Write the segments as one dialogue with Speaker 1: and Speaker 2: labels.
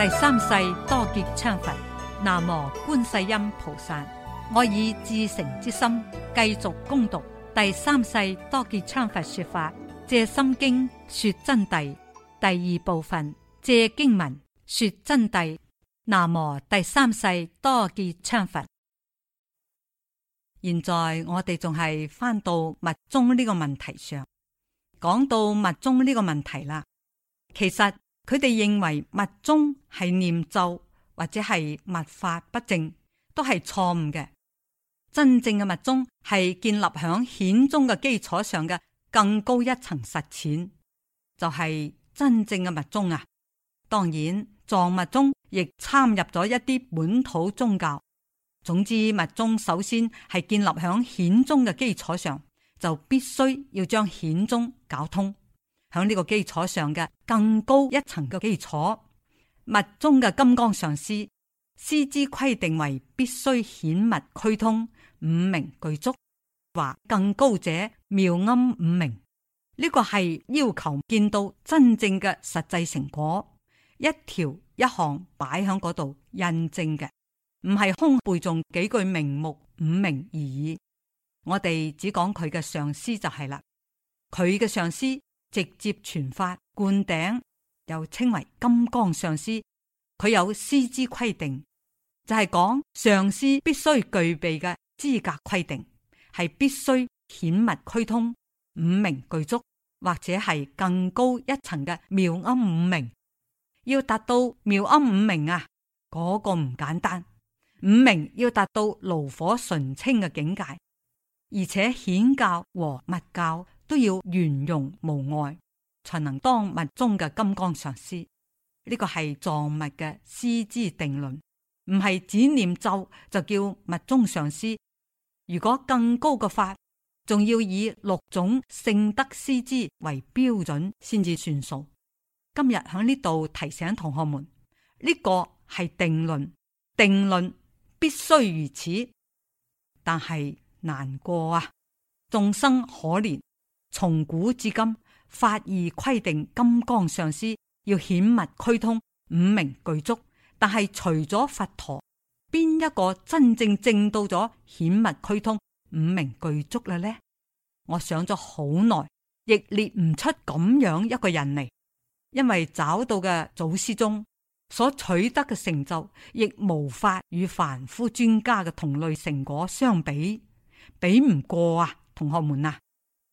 Speaker 1: 第三世多杰羌佛，南無觀世音菩薩。我以至誠之心繼續恭讀第三世多杰羌佛說法，借心經說真諦第二部分，借經文說真諦。南無第三世多杰羌佛。現在我哋仲係返到密宗呢個問題上，講到密宗呢個問題啦，其實。佢哋認為密宗係念咒或者係密法不正，都係錯誤嘅。真正嘅密宗係建立響顯宗嘅基礎上嘅更高一層實踐，就係、是、真正嘅密宗啊！當然，藏密宗亦參入咗一啲本土宗教。總之，密宗首先係建立響顯宗嘅基礎上，就必須要將顯宗搞通。喺呢個基礎上嘅更高一層嘅基礎，密宗嘅金剛上師，師之規定為必須顯密俱通、五明具足，或更高者妙暗五明，呢、這個係要求見到真正嘅實際成果，一條一項擺喺嗰度印證嘅，唔係空背誦幾句名目五明而已。我哋只講佢嘅上師就係啦，佢嘅上師。直接傳法灌頂，又稱為金剛上師。佢有師資規定，就係、是、講上師必須具備嘅資格規定，係必須顯密俱通，五明具足，或者係更高一層嘅妙音五明。要達到妙音五明啊，嗰、那個唔簡單。五明要達到爐火純青嘅境界，而且顯教和密教。都要圓融無礙，才能當密宗嘅金剛上師。呢、這個係藏密嘅師資定論，唔係只念咒就叫密宗上師。如果更高嘅法，仲要以六種聖德師資為標準先至算數。今日喺呢度提醒同學們，呢、這個係定論，定論必須如此。但係難過啊，眾生可憐。從古至今，法義規定金剛上師要顯密俱通、五明具足，但係除咗佛陀，邊一個真正證到咗顯密俱通、五明具足啦呢？我想咗好耐，亦列唔出咁樣一個人嚟，因為找到嘅祖師中所取得嘅成就，亦無法與凡夫專家嘅同類成果相比，比唔過啊！同學們啊！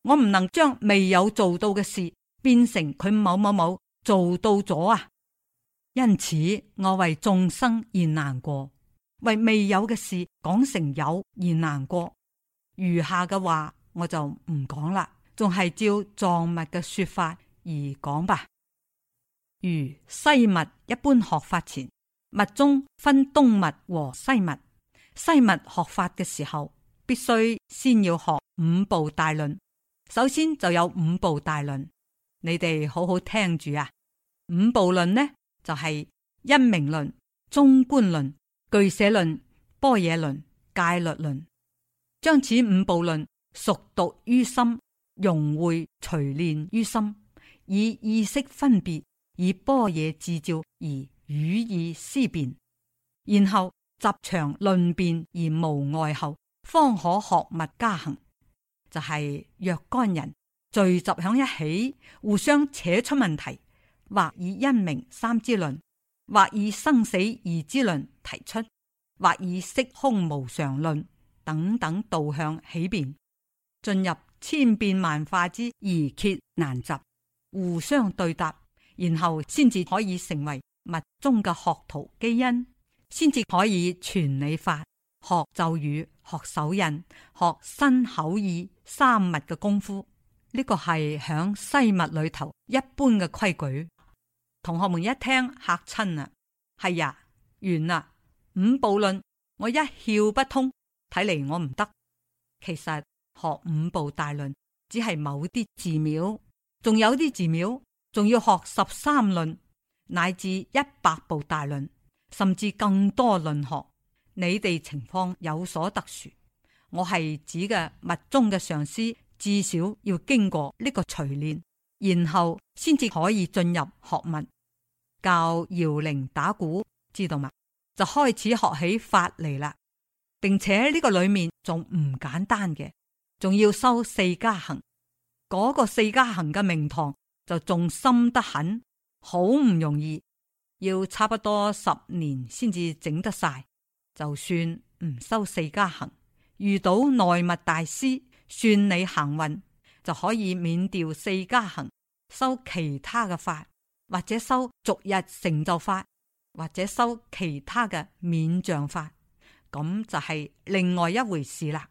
Speaker 1: 我唔能將未有做到嘅事變成佢某某某做到咗啊！因此，我為眾生而難過，為未有嘅事講成有而難過。餘下嘅話我就唔講啦，仲係照藏物嘅說法而講吧。如西物一般學法前，物中分東物和西物，西物學法嘅時候，必須先要學五部大論。首先就有五部大論，你哋好好聽住啊！五部論呢就係、是、因明論、中觀論、俱舍論、般若論、戒律論。將此五部論熟讀於心，融會隨念於心，以意識分別，以般若自照，而語意思辨，然後集長論辯而無外後，方可學物加行。就係若干人聚集喺一起，互相扯出問題，或以因明三支論，或以生死二支論提出，或以色空無常論等等，導向起辯，進入千變萬化之疑結難習，互相對答，然後先至可以成為密宗嘅學徒基因，先至可以傳理法。學咒語、學手印、學身口意三密嘅功夫，呢個係響西密裏頭一般嘅規矩。同學們一聽吓親啦，係呀、啊，完啦，五部論我一竅不通，睇嚟我唔得。其實學五部大論只係某啲寺廟，仲有啲寺廟仲要學十三論乃至一百部大論，甚至更多論學。你哋情況有所特殊，我係指嘅密宗嘅上師，至少要經過呢個錘煉，然後先至可以進入學密，教搖鈴打鼓，知道嗎？就開始學起法嚟啦，並且呢個裏面仲唔簡單嘅，仲要修四加行。嗰、那個四加行嘅名堂就仲深得很，好唔容易，要差不多十年先至整得晒。就算唔修四加行，遇到內密大師算你行運，就可以免掉四加行，修其他嘅法，或者修逐日成就法，或者修其他嘅免像法，咁就係另外一回事啦。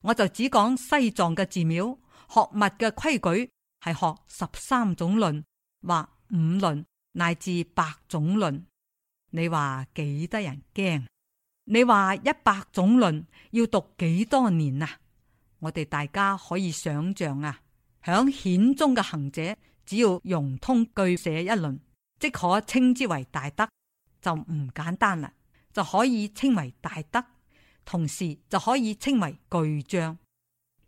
Speaker 1: 我就只講西藏嘅寺廟學密嘅規矩，係學十三種論或五論乃至百種論，你話幾得人驚？你話一百種論要讀幾多年啊？我哋大家可以想象啊，響顯宗嘅行者，只要融通具寫一論，即可稱之為大德，就唔簡單啦，就可以稱為大德，同時就可以稱為巨匠。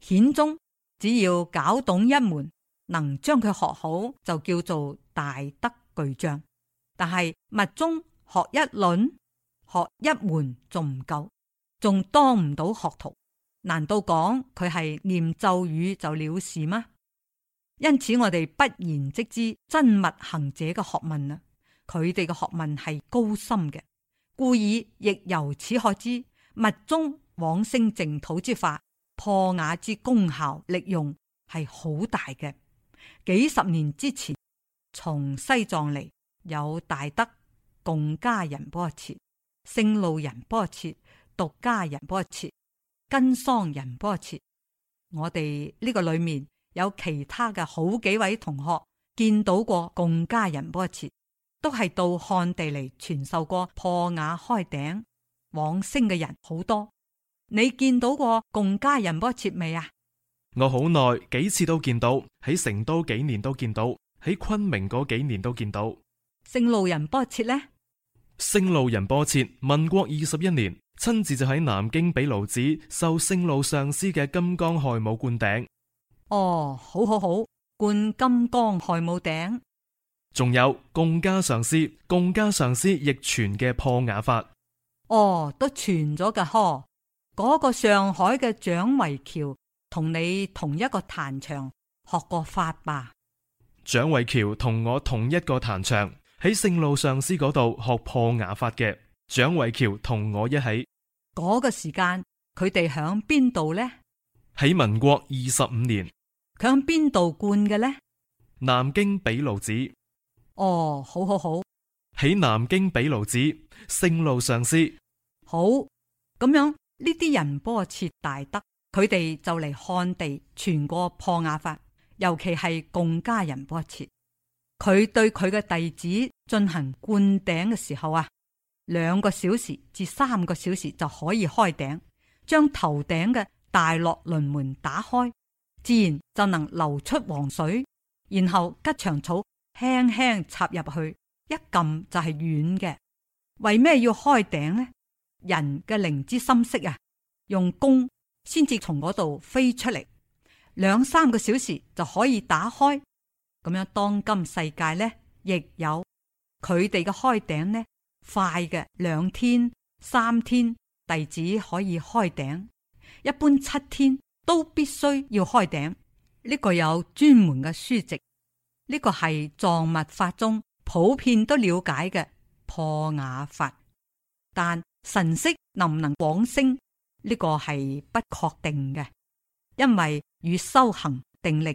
Speaker 1: 顯宗只要搞懂一門，能將佢學好，就叫做大德巨匠。但係密宗學一論。學一門仲唔夠，仲當唔到學徒？難道講佢係念咒語就了事嗎？因此我哋不言即知真密行者嘅學問啦，佢哋嘅學問係高深嘅，故而亦由此可知密宗往生淨土之法破瓦之功效利用係好大嘅。幾十年之前，從西藏嚟有大德貢嘎仁波切。聖路人波切、獨家人波切、根桑人波切，我哋呢個裏面有其他嘅好幾位同學見到過共家人波切，都係到漢地嚟傳授過破瓦開頂、往生嘅人好多。你見到過共家人波切未啊？
Speaker 2: 我好耐幾次都見到，喺成都幾年都見到，喺昆明嗰幾年都見到。
Speaker 1: 聖路人波切呢？
Speaker 2: 星路人仁波切，民國二十一年親自就喺南京俾老子受星路上師嘅金剛亥母灌頂。
Speaker 1: 哦，好好好，灌金剛亥母頂。
Speaker 2: 仲有共家上師，共家上師亦傳嘅破瓦法。
Speaker 1: 哦，都傳咗㗎呵。嗰、那個上海嘅蔣維橋同你同一個壇場學過法吧？
Speaker 2: 蔣維橋同我同一個壇場。喺聖路上師嗰度學破瓦法嘅蔣維橋同我一起
Speaker 1: 嗰個時間，佢哋響邊度呢？
Speaker 2: 喺民國二十五年，
Speaker 1: 佢響邊度灌嘅呢？
Speaker 2: 南京毗盧寺，哦，好好好，喺南京毗盧寺。聖路上師，
Speaker 1: 好咁樣呢啲人波切大德，佢哋就嚟，漢地傳過破瓦法，尤其係共家人波切。佢對佢嘅弟子進行灌頂嘅時候啊，兩個小時至三個小時就可以開頂，將頭頂嘅大樂輪門打開，自然就能流出黃水。然後吉祥草輕輕插入去，一撳就係軟嘅。為咩要開頂呢？人嘅靈知心識啊，用功先至從嗰度飛出嚟，兩三個小時就可以打開。咁樣，當今世界呢，亦有佢哋嘅開頂呢快嘅兩天、三天弟子可以開頂，一般七天都必須要開頂。呢、這個有專門嘅書籍，呢、這個係藏密法中普遍都了解嘅破瓦法，但神識能唔能往生呢、這個係不確定嘅，因為與修行定力。